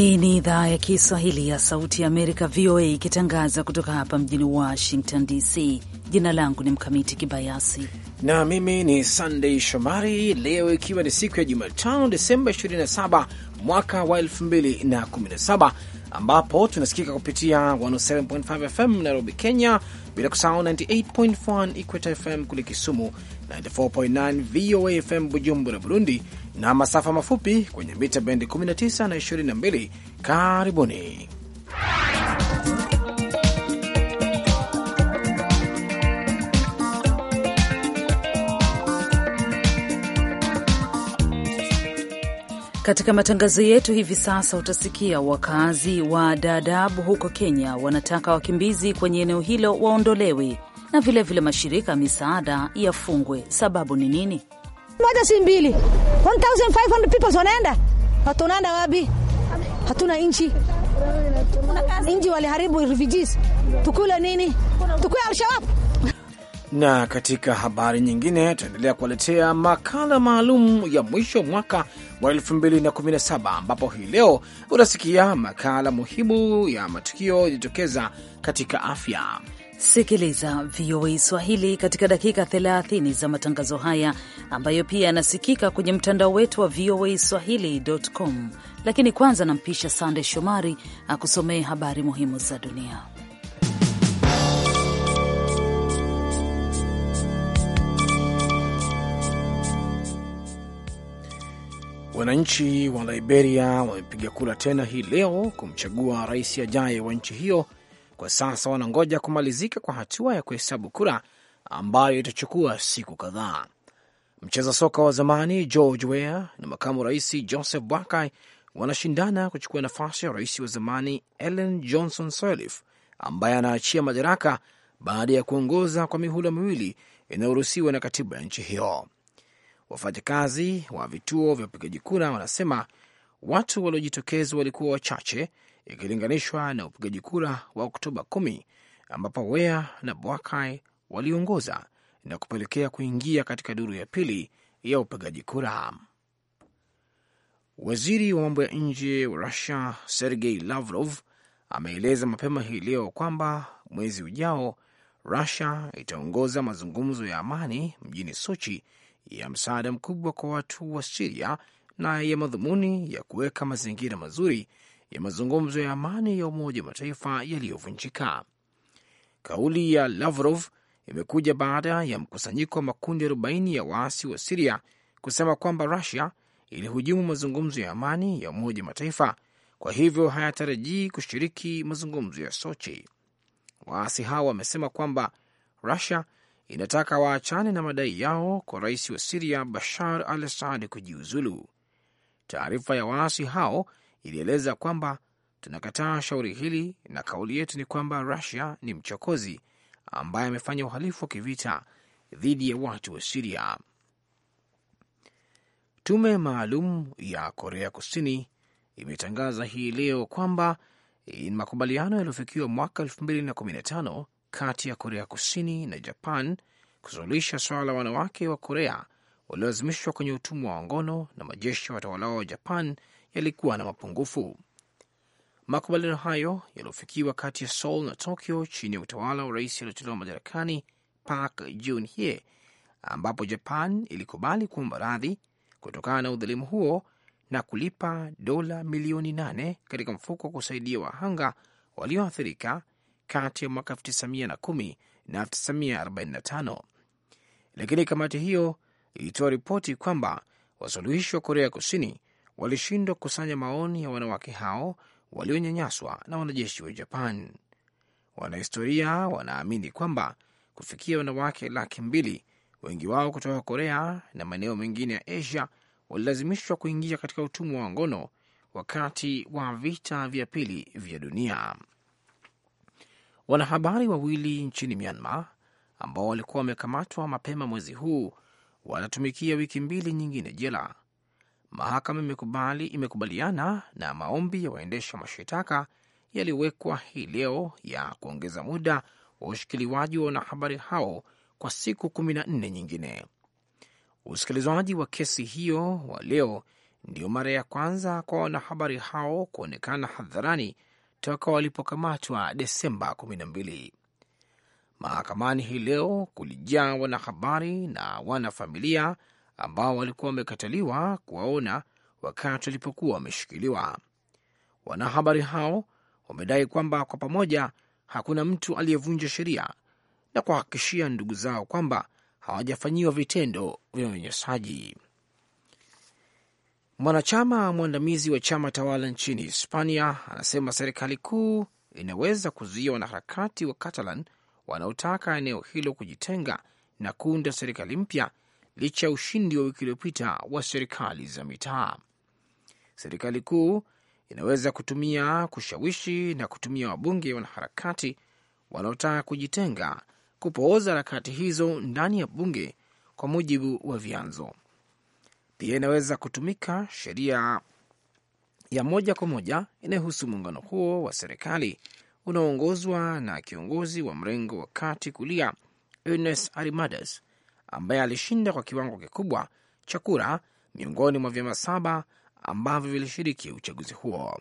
Hii ni idhaa ya Kiswahili ya Sauti ya Amerika, VOA, ikitangaza kutoka hapa mjini Washington DC. Jina langu ni Mkamiti Kibayasi na mimi ni Sandei Shomari. Leo ikiwa ni siku ya Jumatano, Desemba 27 mwaka wa 2017 ambapo tunasikika kupitia 107.5 FM Nairobi, Kenya, bila kusahau 98.1 Equator FM kule Kisumu, 94.9 VOA FM Bujumbura, Burundi, na masafa mafupi kwenye mita bendi 19 na 22. Karibuni katika matangazo yetu hivi sasa. Utasikia wakazi wa Dadaab huko Kenya wanataka wakimbizi kwenye eneo hilo waondolewe, na vilevile vile mashirika ya misaada yafungwe. Sababu ni nini? Moja si mbili 1500 people wanaenda, hatunaenda wapi? Hatuna nchi, nchi waliharibu refugees, tukula nini? Tukula Alshabab. Na katika habari nyingine, tutaendelea kuwaletea makala maalum ya mwisho mwaka wa 2017 ambapo hii leo utasikia makala muhimu ya matukio yaliyotokeza katika afya. Sikiliza VOA Swahili katika dakika 30 za matangazo haya ambayo pia yanasikika kwenye mtandao wetu wa VOA Swahili.com. Lakini kwanza nampisha Sande Shomari akusomee habari muhimu za dunia. Wananchi wa Liberia wamepiga kura tena hii leo kumchagua rais ajaye wa nchi hiyo kwa sasa wanangoja kumalizika kwa hatua ya kuhesabu kura ambayo itachukua siku kadhaa. Mcheza soka wa zamani George Weah na makamu rais Joseph Boakai wanashindana kuchukua nafasi ya rais wa zamani Ellen Johnson Sirleaf ambaye anaachia madaraka baada ya kuongoza kwa mihula miwili inayoruhusiwa na katiba ya nchi hiyo. Wafanyakazi wa vituo vya upigaji kura wanasema watu waliojitokeza walikuwa wachache ikilinganishwa na upigaji kura wa Oktoba kumi ambapo Wea na Bwakai waliongoza na kupelekea kuingia katika duru ya pili ya upigaji kura. Waziri wa mambo ya nje wa Rusia Sergei Lavrov ameeleza mapema hii leo kwamba mwezi ujao Rusia itaongoza mazungumzo ya amani mjini Sochi ya msaada mkubwa kwa watu wa Siria na ya madhumuni ya kuweka mazingira mazuri ya mazungumzo ya amani ya Umoja wa Mataifa yaliyovunjika. Kauli ya Lavrov imekuja baada ya mkusanyiko wa makundi 40 ya waasi wa Siria kusema kwamba Rusia ilihujumu mazungumzo ya amani ya Umoja wa Mataifa, kwa hivyo hayatarajii kushiriki mazungumzo ya Sochi. Waasi hao wamesema kwamba Rusia inataka waachane na madai yao kwa rais wa Siria Bashar al Assad kujiuzulu. Taarifa ya waasi hao ilieleza kwamba tunakataa shauri hili na kauli yetu ni kwamba Rusia ni mchokozi ambaye amefanya uhalifu wa kivita dhidi ya watu wa Siria. Tume maalum ya Korea Kusini imetangaza hii leo kwamba makubaliano yaliyofikiwa mwaka 2015 kati ya Korea Kusini na Japan kusuluhisha swala la wanawake wa Korea waliolazimishwa kwenye utumwa wa ngono na majeshi ya watawalao wa Japan yalikuwa na mapungufu. Makubaliano hayo yaliyofikiwa kati ya Seoul na Tokyo chini ya utawala wa rais aliotolewa madarakani Park Geun-hye, ambapo Japan ilikubali kuomba radhi kutokana na udhalimu huo na kulipa dola milioni nane katika mfuko wa kusaidia wahanga walioathirika kati ya mwaka 1910 na 1945. Lakini kamati hiyo ilitoa ripoti kwamba wasuluhishi wa Korea Kusini walishindwa kukusanya maoni ya wanawake hao walionyanyaswa na wanajeshi wa Japan. Wanahistoria wanaamini kwamba kufikia wanawake laki mbili, wengi wao kutoka Korea na maeneo mengine ya Asia, walilazimishwa kuingia katika utumwa wa ngono wakati wa vita vya pili vya dunia. Wanahabari wawili nchini Myanmar ambao walikuwa wamekamatwa mapema mwezi huu wanatumikia wiki mbili nyingine jela mahakama imekubali imekubaliana na maombi ya waendesha mashitaka yaliyowekwa hii leo ya kuongeza muda wa ushikiliwaji wa wanahabari hao kwa siku kumi na nne nyingine. usikilizwaji wa kesi hiyo wa leo ndio mara ya kwanza kwa wanahabari hao kuonekana hadharani toka walipokamatwa Desemba kumi na mbili Mahakamani hii leo kulijaa wanahabari na wanafamilia ambao walikuwa wamekataliwa kuwaona wakati walipokuwa wameshikiliwa. Wanahabari hao wamedai kwamba kwa pamoja hakuna mtu aliyevunja sheria na kuhakikishia ndugu zao kwamba hawajafanyiwa vitendo vya unyanyasaji. Mwanachama mwandamizi wa chama tawala nchini Hispania anasema serikali kuu inaweza kuzuia wanaharakati wa Catalan wanaotaka eneo hilo kujitenga na kuunda serikali mpya licha ya ushindi wa wiki iliyopita wa serikali za mitaa. Serikali kuu inaweza kutumia kushawishi na kutumia wabunge wanaharakati wanaotaka kujitenga kupooza harakati hizo ndani ya bunge, kwa mujibu wa vyanzo. Pia inaweza kutumika sheria ya moja kwa moja inayohusu muungano huo wa serikali unaoongozwa na kiongozi wa mrengo wa kati kulia Ernest Arimadas ambaye alishinda kwa kiwango kikubwa cha kura miongoni mwa vyama saba ambavyo vilishiriki uchaguzi huo.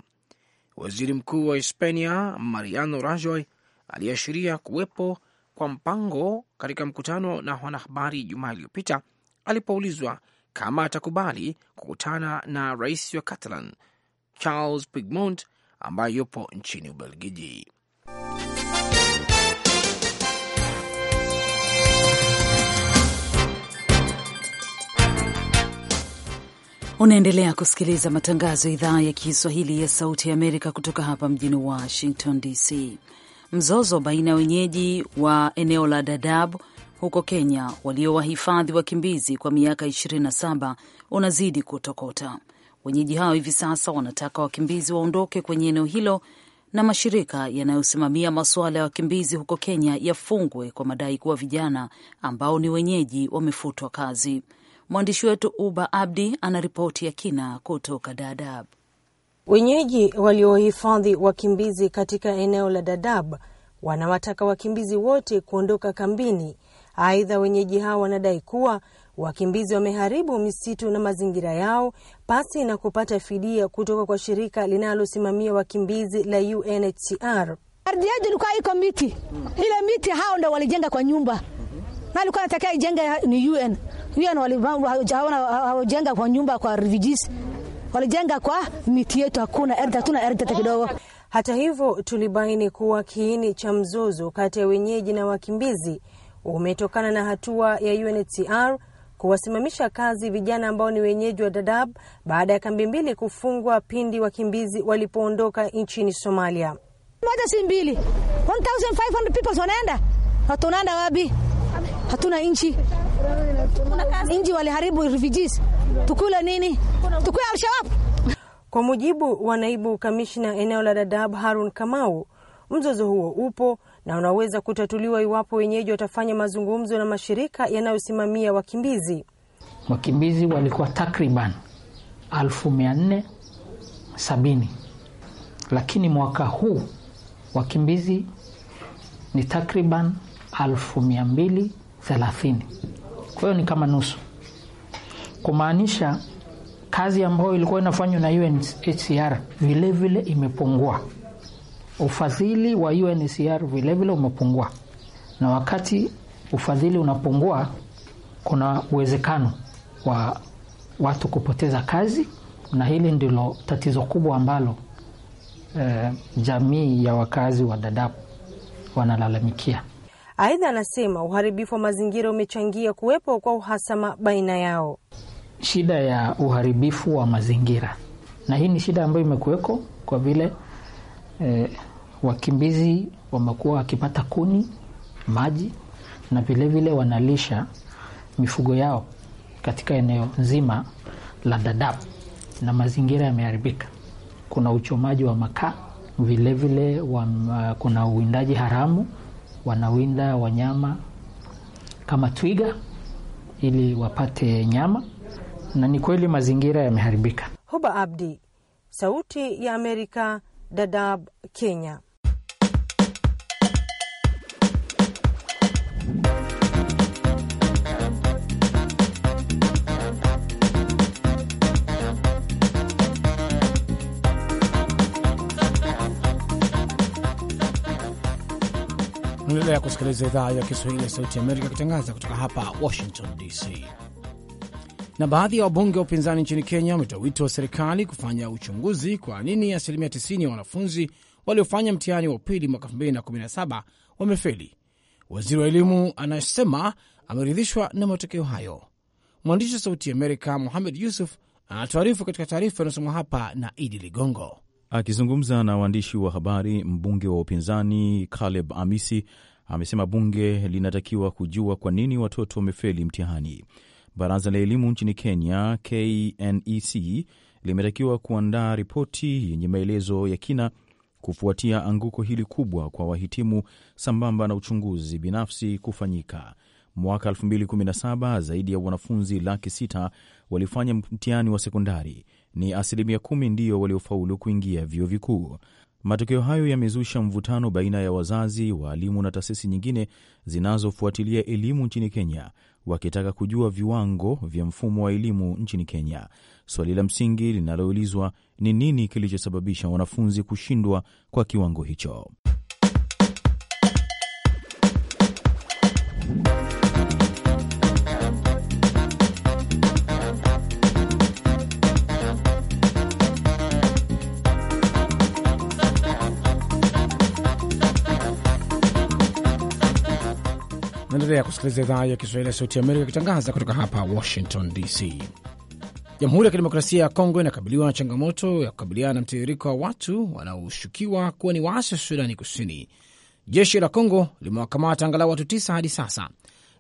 Waziri Mkuu wa Hispania Mariano Rajoy aliashiria kuwepo kwa mpango katika mkutano na wanahabari Jumaa iliyopita alipoulizwa kama atakubali kukutana na rais wa Catalan Charles pigmont ambaye yupo nchini Ubelgiji. Unaendelea kusikiliza matangazo ya idhaa ya Kiswahili ya Sauti ya Amerika kutoka hapa mjini Washington DC. Mzozo baina ya wenyeji wa eneo la Dadaab huko Kenya waliowahifadhi wakimbizi kwa miaka 27 unazidi kutokota. Wenyeji hao hivi sasa wanataka wakimbizi waondoke kwenye eneo hilo na mashirika yanayosimamia masuala ya wakimbizi huko Kenya yafungwe kwa madai kuwa vijana ambao ni wenyeji wamefutwa kazi. Mwandishi wetu Uba Abdi anaripoti ya kina kutoka dadab Wenyeji waliohifadhi wakimbizi katika eneo la dadab wanawataka wakimbizi wote kuondoka kambini. Aidha, wenyeji hao wanadai kuwa wakimbizi wameharibu misitu na mazingira yao pasi na kupata fidia kutoka kwa shirika linalosimamia wakimbizi la UNHCR. Ardhi yetu ilikuwa iko miti, ile miti hao ndo walijenga kwa nyumba Mali yaani kwa nataka ijenge ni UN. UN walijaona hawajenga kwa nyumba kwa refugees. Walijenga kwa miti yetu, hakuna ardhi, hatuna ardhi hata kidogo. Hata hivyo, tulibaini kuwa kiini cha mzozo kati ya wenyeji na wakimbizi umetokana na hatua ya UNHCR kuwasimamisha kazi vijana ambao ni wenyeji wa Dadaab baada ya kambi mbili kufungwa pindi wakimbizi walipoondoka nchini Somalia. Moja si mbili, 1500 people wanaenda, watunaenda wapi? hatuna nchi. Nchi waliharibu refugees, tukule nini? Tukue Alshabab. Kwa mujibu wa naibu kamishna eneo la Dadaab Harun Kamau, mzozo huo upo na unaweza kutatuliwa iwapo wenyeji watafanya mazungumzo na mashirika yanayosimamia wakimbizi. Wakimbizi walikuwa takriban elfu mia nne sabini lakini mwaka huu wakimbizi ni takriban elfu mia mbili thelathini. Kwa hiyo ni kama nusu, kumaanisha kazi ambayo ilikuwa inafanywa na UNHCR vilevile vile imepungua, ufadhili wa UNHCR vilevile vile umepungua, na wakati ufadhili unapungua, kuna uwezekano wa watu kupoteza kazi, na hili ndilo tatizo kubwa ambalo eh, jamii ya wakazi wa dadabu wanalalamikia. Aidha, anasema uharibifu wa mazingira umechangia kuwepo kwa uhasama baina yao. Shida ya uharibifu wa mazingira, na hii ni shida ambayo imekuweko kwa vile eh, wakimbizi wamekuwa wakipata kuni, maji na vilevile wanalisha mifugo yao katika eneo nzima la Dadaab na mazingira yameharibika. Kuna uchomaji wa makaa vilevile, kuna uwindaji haramu wanawinda wanyama kama twiga ili wapate nyama, na ni kweli mazingira yameharibika. Huba Abdi, Sauti ya Amerika, Dadab, Kenya. Unaendelea kusikiliza idhaa ya Kiswahili ya Sauti Amerika ikitangaza kutoka hapa Washington DC. Na baadhi ya wabunge wa upinzani nchini Kenya wametoa wito wa serikali kufanya uchunguzi kwa nini asilimia 90 ya wanafunzi waliofanya mtihani wa pili mwaka 2017 wamefeli. Waziri wa elimu anasema ameridhishwa na matokeo hayo. Mwandishi wa Sauti Amerika Muhamed Yusuf anatuarifu katika taarifa inayosomwa hapa na Idi Ligongo. Akizungumza na waandishi wa habari, mbunge wa upinzani Caleb Amisi amesema bunge linatakiwa kujua kwa nini watoto wamefeli mtihani. Baraza la elimu nchini Kenya, KNEC, limetakiwa kuandaa ripoti yenye maelezo ya kina kufuatia anguko hili kubwa kwa wahitimu, sambamba na uchunguzi binafsi kufanyika. Mwaka 2017 zaidi ya wanafunzi laki sita walifanya mtihani wa sekondari, ni asilimia kumi ndiyo waliofaulu kuingia vyuo vikuu. Matokeo hayo yamezusha mvutano baina ya wazazi, waalimu na taasisi nyingine zinazofuatilia elimu nchini Kenya, wakitaka kujua viwango vya mfumo wa elimu nchini Kenya. Swali la msingi linaloulizwa ni nini kilichosababisha wanafunzi kushindwa kwa kiwango hicho? Unaendelea kusikiliza idhaa ya Kiswahili ya Sauti ya Amerika ikitangaza kutoka hapa Washington DC. Jamhuri ya Kidemokrasia ya Kongo inakabiliwa na changamoto ya kukabiliana na mtiririko wa watu wanaoshukiwa kuwa ni waasi wa Sudani Kusini. Jeshi la Kongo limewakamata angalau watu tisa hadi sasa,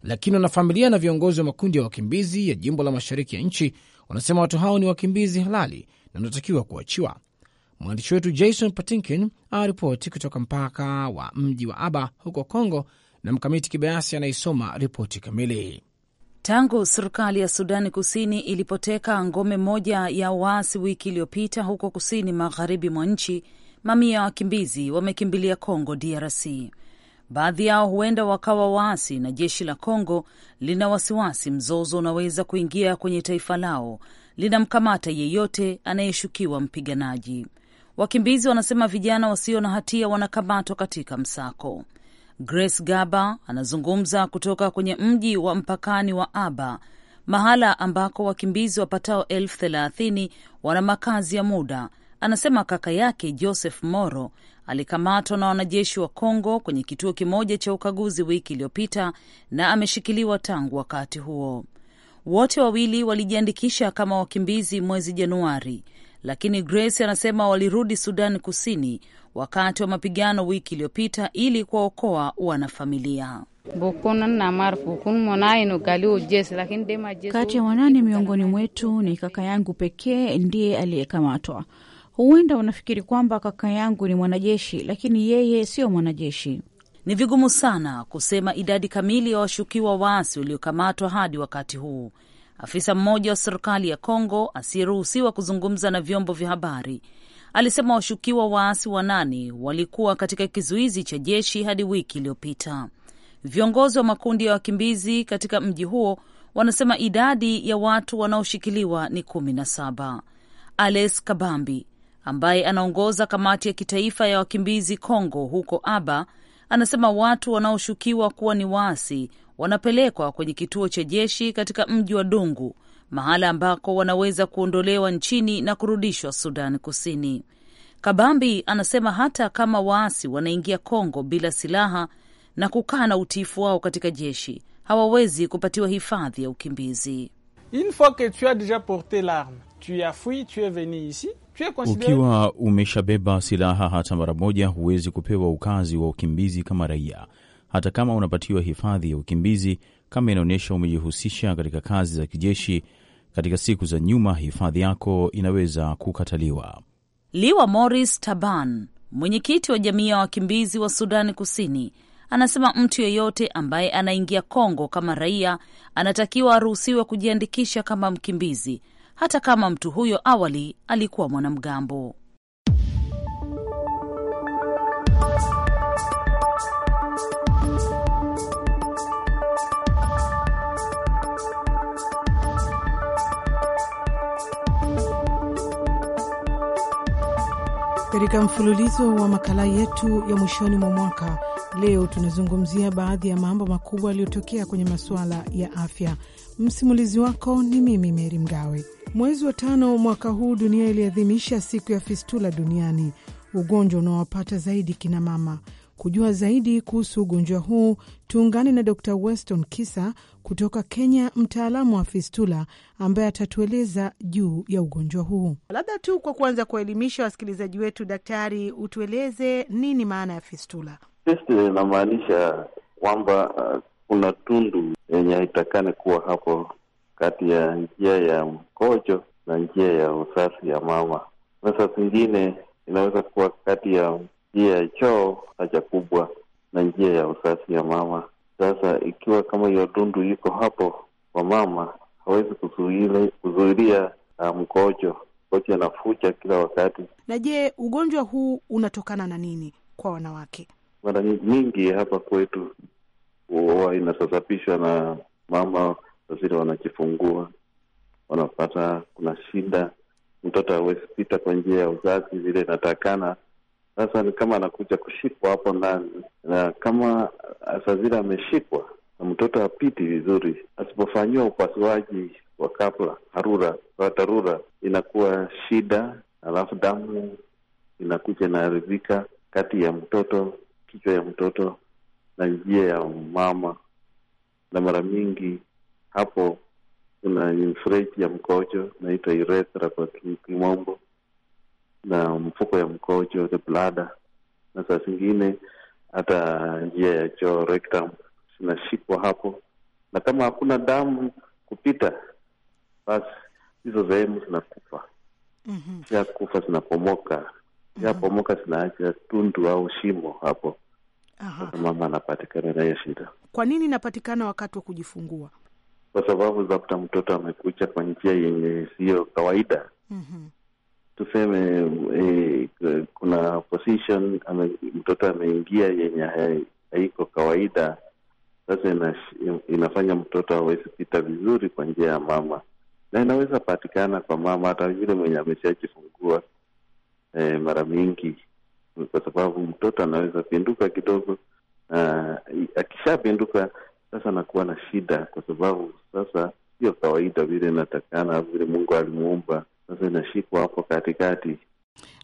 lakini wanafamilia na viongozi wa makundi ya wakimbizi ya jimbo la mashariki ya nchi wanasema watu hao ni wakimbizi halali na wanatakiwa kuachiwa. Mwandishi wetu Jason Patinkin anaripoti kutoka mpaka wa mji wa Aba huko Kongo na Mkamiti Kibayasi anaisoma ripoti kamili. Tangu serikali ya Sudani Kusini ilipoteka ngome moja ya waasi wiki iliyopita huko kusini magharibi mwa nchi, mamia ya wakimbizi wamekimbilia Congo DRC. Baadhi yao huenda wakawa waasi, na jeshi la Congo lina wasiwasi mzozo unaweza kuingia kwenye taifa lao, linamkamata yeyote anayeshukiwa mpiganaji. Wakimbizi wanasema vijana wasio na hatia wanakamatwa katika msako. Grace Gaba anazungumza kutoka kwenye mji wa mpakani wa Aba, mahala ambako wakimbizi wapatao elfu thelathini wana makazi ya muda. Anasema kaka yake Joseph Moro alikamatwa na wanajeshi wa Kongo kwenye kituo kimoja cha ukaguzi wiki iliyopita na ameshikiliwa tangu wakati huo. Wote wawili walijiandikisha kama wakimbizi mwezi Januari lakini Grace anasema walirudi Sudan Kusini wakati wa mapigano wiki iliyopita ili kuwaokoa wanafamilia. Kati ya wanane miongoni mwetu ni kaka yangu pekee ndiye aliyekamatwa. Huenda unafikiri kwamba kaka yangu ni mwanajeshi, lakini yeye siyo mwanajeshi. Ni vigumu sana kusema idadi kamili ya washukiwa waasi waliokamatwa hadi wakati huu, Afisa mmoja wa serikali ya Kongo asiyeruhusiwa kuzungumza na vyombo vya habari alisema washukiwa waasi wanane walikuwa katika kizuizi cha jeshi hadi wiki iliyopita. Viongozi wa makundi ya wakimbizi katika mji huo wanasema idadi ya watu wanaoshikiliwa ni kumi na saba. Ales Kabambi ambaye anaongoza kamati ya kitaifa ya wakimbizi Kongo huko Aba anasema watu wanaoshukiwa kuwa ni waasi wanapelekwa kwenye kituo cha jeshi katika mji wa Dungu, mahala ambako wanaweza kuondolewa nchini na kurudishwa Sudan Kusini. Kabambi anasema hata kama waasi wanaingia Kongo bila silaha na kukaa na utiifu wao katika jeshi, hawawezi kupatiwa hifadhi ya ukimbizi. Ukiwa umeshabeba silaha hata mara moja, huwezi kupewa ukazi wa ukimbizi kama raia hata kama unapatiwa hifadhi ya ukimbizi kama inaonyesha umejihusisha katika kazi za kijeshi katika siku za nyuma, hifadhi yako inaweza kukataliwa. Liwa Morris Taban, mwenyekiti wa jamii ya wakimbizi wa Sudani Kusini, anasema mtu yeyote ambaye anaingia Kongo kama raia anatakiwa aruhusiwe kujiandikisha kama mkimbizi, hata kama mtu huyo awali alikuwa mwanamgambo. Katika mfululizo wa makala yetu ya mwishoni mwa mwaka, leo tunazungumzia baadhi ya mambo makubwa yaliyotokea kwenye masuala ya afya. Msimulizi wako ni mimi Meri Mgawe. Mwezi wa tano mwaka huu dunia iliadhimisha siku ya fistula duniani, ugonjwa unaowapata zaidi kina mama. Kujua zaidi kuhusu ugonjwa huu, tuungane na Dr Weston Kisa kutoka Kenya, mtaalamu wa fistula ambaye atatueleza juu ya ugonjwa huu. Labda tu kwa kuanza kuwaelimisha wasikilizaji wetu, daktari, utueleze nini maana ya fistula? Fistula inamaanisha kwamba uh, kuna tundu yenye haitakani kuwa hapo kati ya njia ya mkojo na njia ya uzazi ya mama. Sasa zingine inaweza kuwa kati ya njia ya choo, haja kubwa na njia ya usasi ya mama. Sasa ikiwa kama hiyo tundu iko hapo kwa mama, hawezi kuzuilia uh, mkojo. Mkojo anafucha kila wakati. Na je, ugonjwa huu unatokana na nini kwa wanawake? Mara nyingi hapa kwetu huwa inasababishwa na mama wazile wanajifungua, wanapata kuna shida, mtoto hawezi pita kwa njia ya uzazi vile inatakana sasa ni kama anakuja kushikwa hapo ndani, na kama zile ameshikwa na mtoto apiti vizuri, asipofanyiwa upasuaji wa kabla harura wa dharura, inakuwa shida, alafu damu inakuja inaharibika kati ya mtoto, kichwa ya mtoto na njia ya mama, na mara mingi hapo kuna mfereji ya mkojo naitwa urethra kwa kimombo na mfuko ya mkojo, the bladder, na saa zingine hata njia ya choo, rectum, zinashikwa hapo, na kama hakuna damu kupita, basi hizo sehemu zinakufa. mm -hmm. ya kufa zinapomoka, ya pomoka zinaacha tundu au shimo hapo. mama anapatikana na hiyo shida. Kwa nini inapatikana wakati wa kujifungua? Kwa sababu zapta mtoto amekuja kwa njia yenye siyo kawaida. mm -hmm tuseme e, kuna position ame, mtoto ameingia yenye haiko kawaida. Sasa ina, inafanya mtoto awezi pita vizuri kwa njia ya mama, na inaweza patikana kwa mama hata yule mwenye ameshajifungua e, mara mingi, kwa sababu mtoto anaweza pinduka kidogo. Akishapinduka sasa anakuwa na shida, kwa sababu sasa sio kawaida vile inatakana vile Mungu alimuumba sasa inashikwa hapo katikati.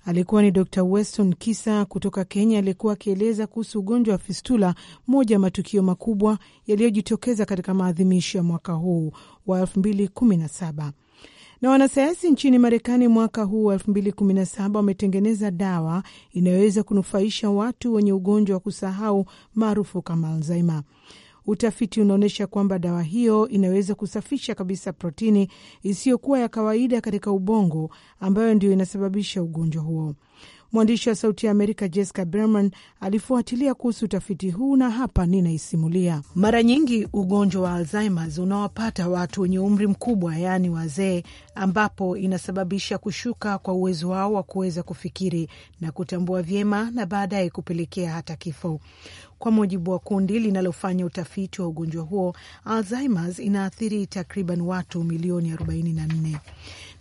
Alikuwa ni Dr Weston Kisa kutoka Kenya, aliyekuwa akieleza kuhusu ugonjwa wa fistula, moja ya matukio makubwa yaliyojitokeza katika maadhimisho ya mwaka huu wa 2017 na wanasayansi nchini Marekani mwaka huu wa 2017 wametengeneza dawa inayoweza kunufaisha watu wenye ugonjwa wa kusahau maarufu kama Alzheimer. Utafiti unaonyesha kwamba dawa hiyo inaweza kusafisha kabisa protini isiyokuwa ya kawaida katika ubongo ambayo ndiyo inasababisha ugonjwa huo. Mwandishi wa Sauti ya Amerika Jessica Berman alifuatilia kuhusu utafiti huu na hapa ninaisimulia. Mara nyingi ugonjwa wa Alzheimers unawapata watu wenye umri mkubwa, yaani wazee, ambapo inasababisha kushuka kwa uwezo wao wa kuweza kufikiri na kutambua vyema na baadaye kupelekea hata kifo. Kwa mujibu wa kundi linalofanya utafiti wa ugonjwa huo, Alzheimers inaathiri takriban watu milioni 44.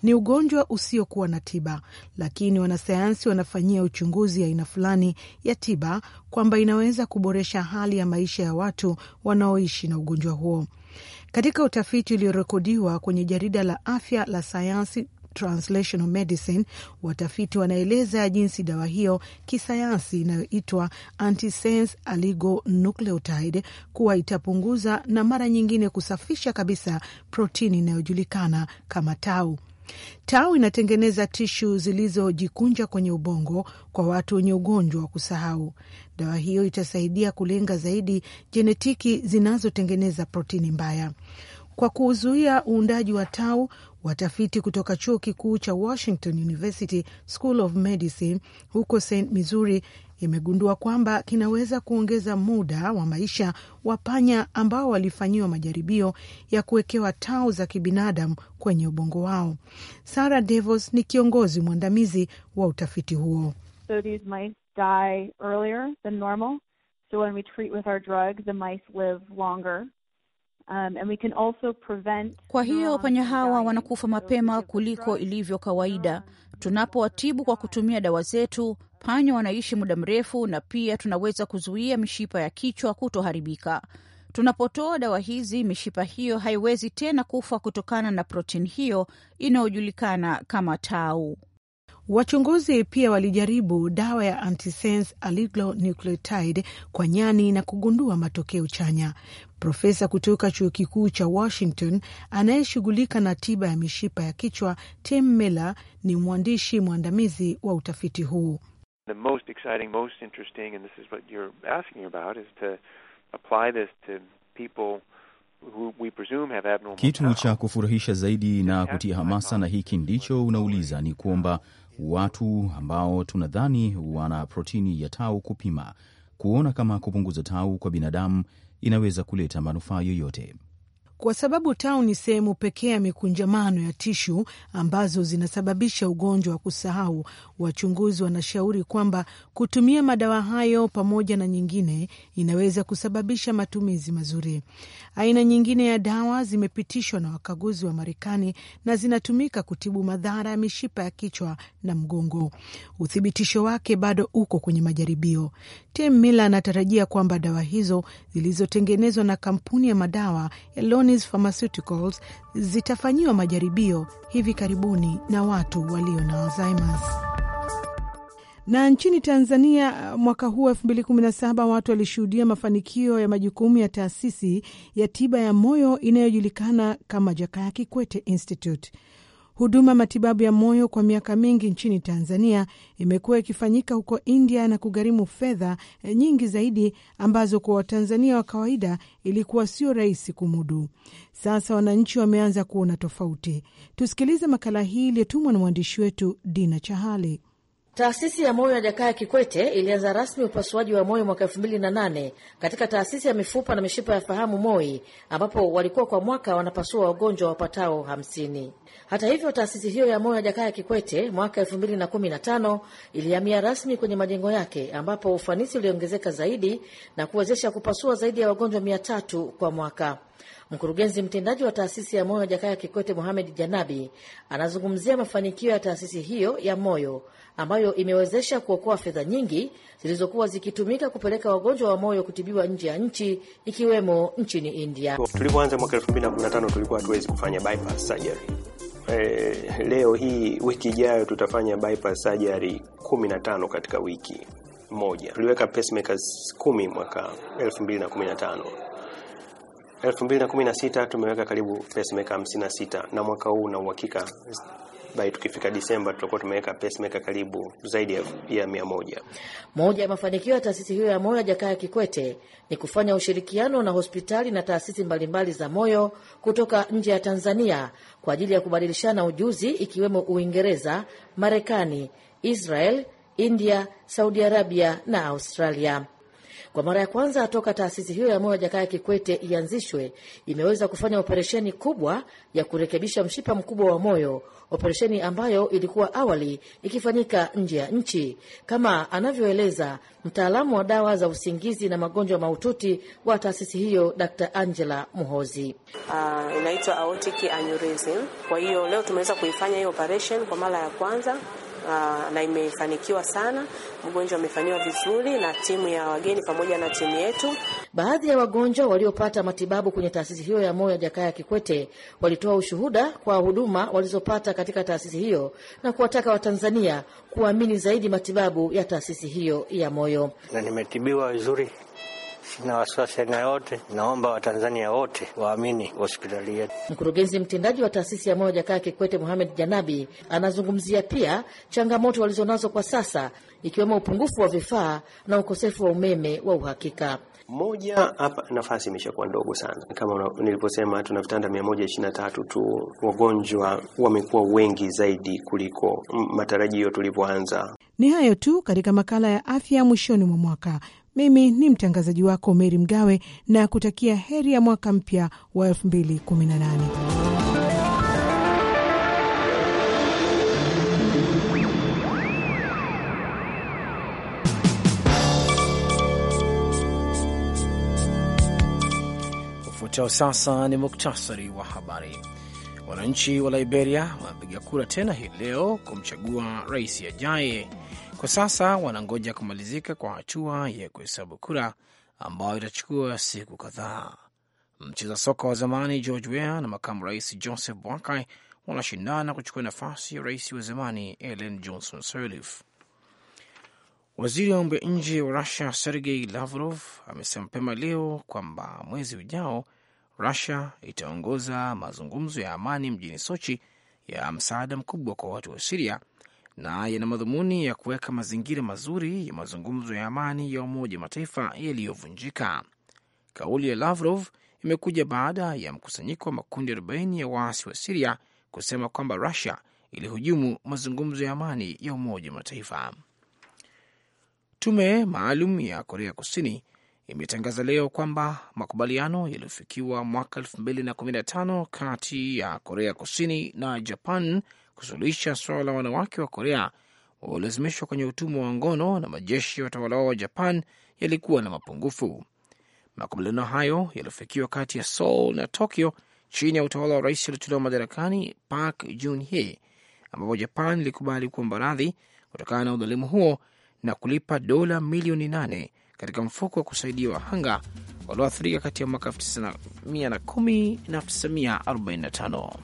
Ni ugonjwa usiokuwa na tiba, lakini wanasayansi wanafanyia uchunguzi aina fulani ya tiba kwamba inaweza kuboresha hali ya maisha ya watu wanaoishi na ugonjwa huo. Katika utafiti uliorekodiwa kwenye jarida la afya la sayansi Translational Medicine, watafiti wanaeleza jinsi dawa hiyo kisayansi inayoitwa antisense oligonucleotide kuwa itapunguza na mara nyingine kusafisha kabisa protini inayojulikana kama tau. Tau inatengeneza tishu zilizojikunja kwenye ubongo kwa watu wenye ugonjwa wa kusahau. Dawa hiyo itasaidia kulenga zaidi jenetiki zinazotengeneza protini mbaya kwa kuzuia uundaji wa tau. Watafiti kutoka chuo kikuu cha Washington University School of Medicine huko St Missouri imegundua kwamba kinaweza kuongeza muda wa maisha wa panya ambao walifanyiwa majaribio ya kuwekewa tau za kibinadamu kwenye ubongo wao. Sarah Devos ni kiongozi mwandamizi wa utafiti huo. So these mice die earlier than normal. So when we treat with our drug, the mice live longer. Um, kwa hiyo panya hawa wanakufa mapema kuliko ilivyo kawaida. Tunapowatibu kwa kutumia dawa zetu, panya wanaishi muda mrefu, na pia tunaweza kuzuia mishipa ya kichwa kutoharibika. Tunapotoa dawa hizi, mishipa hiyo haiwezi tena kufa kutokana na protini hiyo inayojulikana kama tau. Wachunguzi pia walijaribu dawa ya antisense oligonucleotide kwa nyani na kugundua matokeo chanya. Profesa kutoka chuo kikuu cha Washington anayeshughulika na tiba ya mishipa ya kichwa Tim Miller ni mwandishi mwandamizi wa utafiti huu. The most exciting, most interesting, and this is what you're asking about, is to apply this to people kitu cha kufurahisha zaidi na kutia hamasa, na hiki ndicho unauliza, ni kwamba watu ambao tunadhani wana protini ya tau kupima kuona kama kupunguza tau kwa binadamu inaweza kuleta manufaa yoyote kwa sababu tau ni sehemu pekee ya mikunjamano ya tishu ambazo zinasababisha ugonjwa wa kusahau. Wachunguzi wanashauri kwamba kutumia madawa hayo pamoja na nyingine inaweza kusababisha matumizi mazuri. Aina nyingine ya dawa zimepitishwa na wakaguzi wa Marekani na zinatumika kutibu madhara ya mishipa ya kichwa na mgongo. Uthibitisho wake bado uko kwenye majaribio. Tim Miller anatarajia kwamba dawa hizo zilizotengenezwa na kampuni ya madawa ya Pharmaceuticals zitafanyiwa majaribio hivi karibuni na watu walio na Alzheimer's na nchini Tanzania uh, mwaka huu elfu mbili kumi na saba watu walishuhudia mafanikio ya majukumu ya taasisi ya tiba ya moyo inayojulikana kama Jakaya Kikwete Institute. Huduma matibabu ya moyo kwa miaka mingi nchini Tanzania imekuwa ikifanyika huko India na kugharimu fedha eh, nyingi zaidi ambazo kwa Watanzania wa kawaida ilikuwa sio rahisi kumudu. Sasa wananchi wameanza kuona tofauti. Tusikilize makala hii iliyotumwa na mwandishi wetu Dina Chahali. Taasisi ya moyo ya Jakaya Kikwete ilianza rasmi upasuaji wa moyo mwaka elfu mbili na nane katika taasisi ya mifupa na mishipa ya fahamu MOI, ambapo walikuwa kwa mwaka wanapasua wagonjwa wapatao hamsini. Hata hivyo, taasisi hiyo ya moyo ya Jakaya Kikwete mwaka elfu mbili na kumi na tano ilihamia rasmi kwenye majengo yake, ambapo ufanisi uliongezeka zaidi na kuwezesha kupasua zaidi ya wagonjwa mia tatu kwa mwaka. Mkurugenzi mtendaji wa taasisi ya moyo Jakaya Kikwete muhamed Janabi anazungumzia mafanikio ya taasisi hiyo ya moyo ambayo imewezesha kuokoa fedha nyingi zilizokuwa zikitumika kupeleka wagonjwa wa moyo kutibiwa nje ya nchi ikiwemo nchini India. Tulipoanza mwaka tano tulikuwa hatuwezi kufanya bypass surgery. Eh, leo hii wiki ijayo tutafanya bypass surgery 15 katika wiki moja. Tuliweka pacemakers kumi mwaka tano 2016 tumeweka karibu pacemaker 56 na mwaka huu na uhakika bai tukifika Disemba tutakuwa tumeweka pacemaker karibu zaidi ya mia moja. Moja ya mafanikio ya taasisi hiyo ya moyo ya Jakaya Kikwete ni kufanya ushirikiano na hospitali na taasisi mbalimbali za moyo kutoka nje ya Tanzania kwa ajili ya kubadilishana ujuzi ikiwemo Uingereza, Marekani, Israel, India, Saudi Arabia na Australia. Kwa mara ya kwanza toka taasisi hiyo ya moyo Jakaya Kikwete ianzishwe, imeweza kufanya operesheni kubwa ya kurekebisha mshipa mkubwa wa moyo, operesheni ambayo ilikuwa awali ikifanyika nje ya nchi, kama anavyoeleza mtaalamu wa dawa za usingizi na magonjwa mahututi wa taasisi hiyo, Dr. Angela Muhozi. Uh, inaitwa aortic aneurysm. Kwa hiyo leo tumeweza kuifanya hiyo operation kwa mara ya kwanza uh, na imefanikiwa sana. Mgonjwa amefanyiwa vizuri na timu ya wageni pamoja na timu yetu. Baadhi ya wagonjwa waliopata matibabu kwenye taasisi hiyo ya moyo ya Jakaya Kikwete walitoa ushuhuda kwa huduma walizopata katika taasisi hiyo na kuwataka Watanzania kuamini zaidi matibabu ya taasisi hiyo ya moyo. Na nimetibiwa vizuri sina wasiwasi aina yote. Naomba Watanzania wote waamini hospitali yetu. Mkurugenzi mtendaji wa taasisi ya moyo Jakaya Kikwete muhamed Janabi anazungumzia pia changamoto walizonazo kwa sasa ikiwemo upungufu wa vifaa na ukosefu wa umeme wa uhakika. Moja hapa, nafasi imeshakuwa ndogo sana. Kama nilivyosema, tuna vitanda tatu tu, wagonjwa wamekuwa wengi zaidi kuliko matarajio tulivyoanza. Ni hayo tu katika makala ya afya mwishoni mwa mwaka. Mimi ni mtangazaji wako Meri Mgawe na kutakia heri ya mwaka mpya wa 2018. Chao. Sasa ni muktasari wa habari. Wananchi wa Liberia wanapiga kura tena hii leo kumchagua rais ajaye. Kwa sasa wanangoja kumalizika kwa hatua ya kuhesabu kura ambayo itachukua siku kadhaa. Mcheza soka wa zamani George Weah na makamu rais Joseph Boakai wanashindana kuchukua nafasi ya rais wa zamani Ellen Johnson Sirleaf. Waziri wa mambo ya nje wa Rusia Sergei Lavrov amesema mapema leo kwamba mwezi ujao Rusia itaongoza mazungumzo ya amani mjini Sochi ya msaada mkubwa kwa watu wa Siria na yana madhumuni ya kuweka mazingira mazuri ya mazungumzo ya amani ya Umoja Mataifa yaliyovunjika. Kauli ya Lavrov imekuja baada ya mkusanyiko wa makundi 40 ya waasi wa Siria kusema kwamba Rusia ilihujumu mazungumzo ya amani ya Umoja Mataifa. Tume maalum ya Korea Kusini imetangaza leo kwamba makubaliano yaliyofikiwa mwaka 2015 kati ya Korea Kusini na Japan kusuluhisha suala la wanawake wa Korea waliolazimishwa kwenye utumwa wa ngono na majeshi ya watawala wao wa Japan yalikuwa na mapungufu. Makubaliano hayo yaliyofikiwa kati ya Seoul na Tokyo chini ya utawala wa rais aliotolewa madarakani Park Geun-hye, ambapo Japan ilikubali kuomba radhi kutokana na udhalimu huo na kulipa dola milioni nane katika mfuko wa kusaidia wahanga walioathirika kati ya mwaka 1910 na 1945.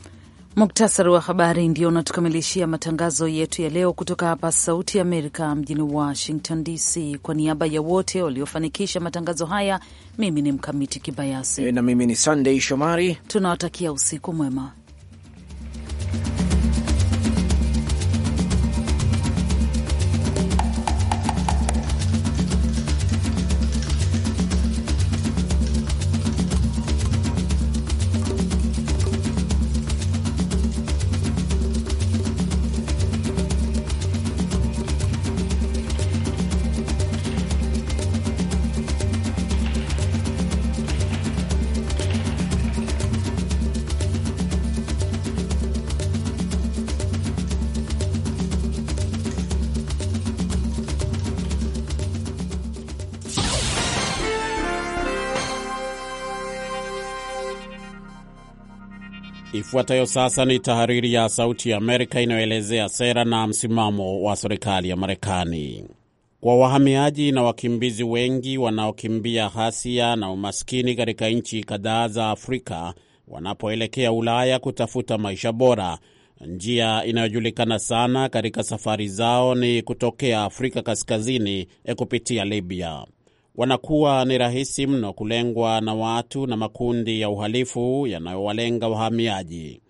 Muktasari wa habari ndio unatukamilishia matangazo yetu ya leo kutoka hapa Sauti ya Amerika mjini Washington DC. Kwa niaba ya wote waliofanikisha matangazo haya, mimi ni Mkamiti Kibayasi e, na mimi ni sandey Shomari. Tunawatakia usiku mwema. Ifuatayo sasa ni tahariri ya Sauti ya Amerika inayoelezea sera na msimamo wa serikali ya Marekani. Kwa wahamiaji na wakimbizi wengi wanaokimbia ghasia na umaskini katika nchi kadhaa za Afrika wanapoelekea Ulaya kutafuta maisha bora, njia inayojulikana sana katika safari zao ni kutokea Afrika Kaskazini eh, kupitia Libya wanakuwa ni rahisi mno kulengwa na watu na makundi ya uhalifu yanayowalenga wahamiaji.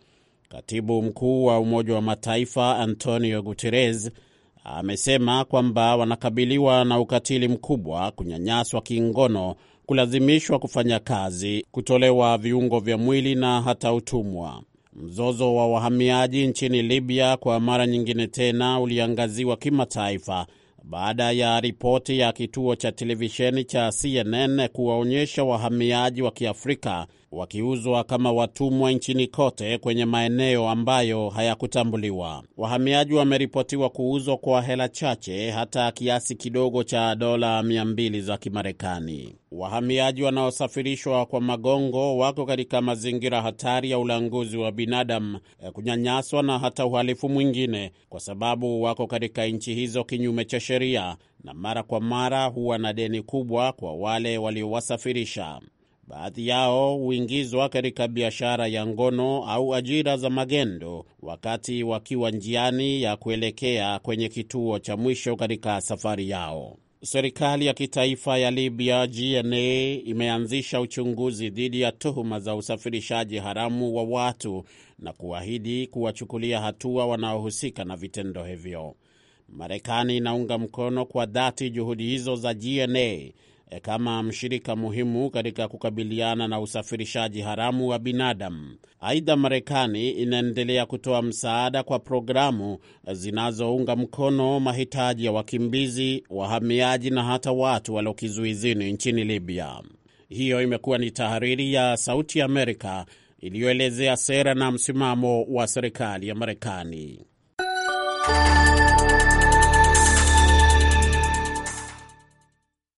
Katibu mkuu wa Umoja wa Mataifa Antonio Guterres amesema kwamba wanakabiliwa na ukatili mkubwa, kunyanyaswa kingono, kulazimishwa kufanya kazi, kutolewa viungo vya mwili na hata utumwa. Mzozo wa wahamiaji nchini Libya kwa mara nyingine tena uliangaziwa kimataifa baada ya ripoti ya kituo cha televisheni cha CNN kuwaonyesha wahamiaji wa Kiafrika wakiuzwa kama watumwa nchini kote kwenye maeneo ambayo hayakutambuliwa. Wahamiaji wameripotiwa kuuzwa kwa hela chache, hata kiasi kidogo cha dola 200 za Kimarekani. Wahamiaji wanaosafirishwa kwa magongo wako katika mazingira hatari ya ulanguzi wa binadamu, eh, kunyanyaswa na hata uhalifu mwingine, kwa sababu wako katika nchi hizo kinyume cha sheria, na mara kwa mara huwa na deni kubwa kwa wale waliowasafirisha. Baadhi yao huingizwa katika biashara ya ngono au ajira za magendo wakati wakiwa njiani ya kuelekea kwenye kituo cha mwisho katika safari yao. Serikali ya kitaifa ya Libya GNA imeanzisha uchunguzi dhidi ya tuhuma za usafirishaji haramu wa watu na kuahidi kuwachukulia hatua wanaohusika na vitendo hivyo. Marekani inaunga mkono kwa dhati juhudi hizo za GNA E, kama mshirika muhimu katika kukabiliana na usafirishaji haramu wa binadamu. Aidha, Marekani inaendelea kutoa msaada kwa programu zinazounga mkono mahitaji ya wakimbizi, wahamiaji na hata watu waliokizuizini nchini Libya. Hiyo imekuwa ni tahariri ya Sauti ya Amerika iliyoelezea sera na msimamo wa serikali ya Marekani.